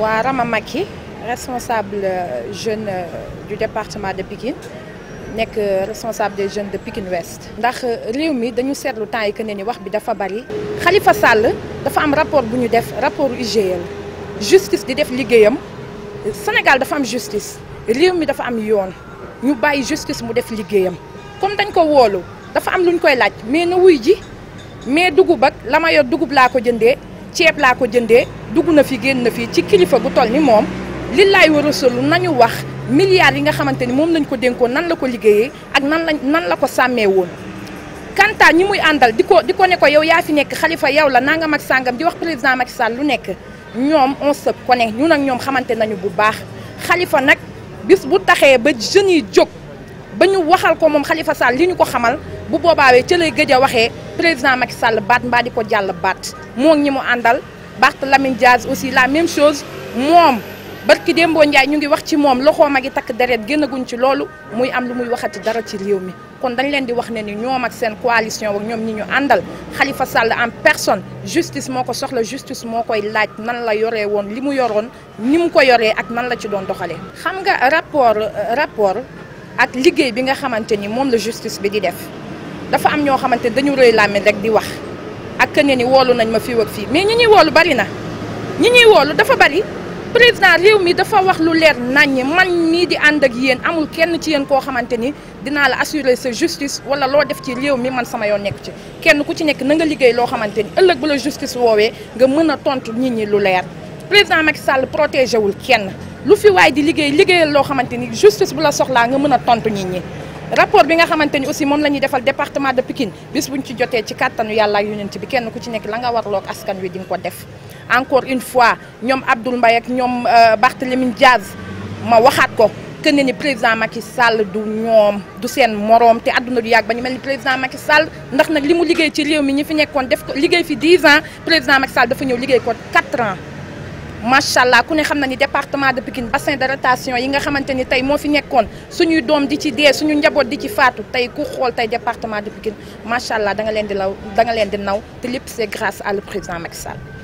waa Rama Macky responsable euh, jeune euh, du département de Pikine nekk euh, responsable des jeunes de Pikine Ouest. ndax réew mi dañu seetlu temps yi que ne ni wax bi dafa bari. xalifa Sall dafa am rapport bu ñu def rapport IGE justice di def liggéeyam Sénégal dafa am justice réew mi dafa am yoon ñu bàyyi justice mu def liggéeyam comme dañ ko woolu dafa am luñ koy laaj mais na wuy ji mais dugub ak dugub laa ko jëndee. ceeb laa ko jëndee dugg na fi génn na fi ci kilifa gu toll ni moom li laay war a nañu wax milliards yi nga xamante ni moom lañ ko dénkoon nan la ko liggéeye ak nan lañ nan la ko sàmmee woon. Kanta ñi muy àndal di ko di ko ne ko yow yaa fi nekk xalifa yow la nanga ak sàngam di wax président Macky Sall lu nekk ñoom on se connaît ñu nag ñoom xamante nañu bu baax xalifa nag bis bu taxee ba jeunes yi jóg ba ñu waxal ko moom xalifa Sall li ñu ko xamal. bu boobaawee ca lay gëj a président Macky Sall bat mba di ko bat mo moo ñi mu Bart Lamine Diaz aussi la même chose mom barki Dembo Ndiaye ñu ngi wax ci mom loxo magi tak takk deret génnaguñ ci loolu muy am lu muy waxati dara ci réew mi kon dañ leen di wax né ni ñoom ak seen coalition ak ñoom ñi ñu andal Khalifa Sall en personne justice moko ko soxla justice moo koy laaj nan la yoré woon limu yoron yoroon ko yoré ak nan la ci doon doxalee. xam nga rapport rapport ak liggéey bi nga xamanteni mom moom la justice bi di def. dafa am ñoo xamante dañu rëy làmmiñ rek di wax ak que ni woolu nañ ma fii ak fii mais ñi ñuy woolu bari na ñi ñuy woolu dafa bari président réew mi dafa wax lu leer naññ man nii di ànd ak yéen amul kenn ci yéen koo xamante ni dinaa la assurer sa justice wala loo def ci réew mi man sama yoon nekk ci kenn ku ci nekk na nga liggéey loo xamante ni ëllëg bu la justice woowee nga mën a tontu nit ñi lu leer président Macky Sall protégé wul kenn lu fi waay di liggéey liggéeyal loo xamante ni justice bu la soxlaa nga mën a tontu nit ñi. rapport bi nga xamante ni aussi moom la ñuy defal département de Pikine bis buñ ci jotee ci kàttanu yàlla ak yonent bi kenn ku ci nekk la nga warloog askan wi di ko def encore une fois ñoom Abdoul mbay ak ñoom euh, Barthélémy Diaz ma waxaat ko que ne ni président Macky Sall du ñoom du seen moroom te àdduna du yàgg ba ñu mel ni président Macky Sall ndax nag li mu liggéey ci réew mi ñu fi nekkoon def ko liggéey fi 10 ans président Macky Sall dafa ñëw liggéey ko 4 ans macha allah ku ne xam na ni département de Pikine bassin de rotation yi nga xamante ni tey moo fi nekkoon suñuy doom di ci dee suñu njaboot di ci faatu tey ku xool tey département de Pikine macha allah danga leen di law da nga leen di naw te lépp c'est grâce à le président Macky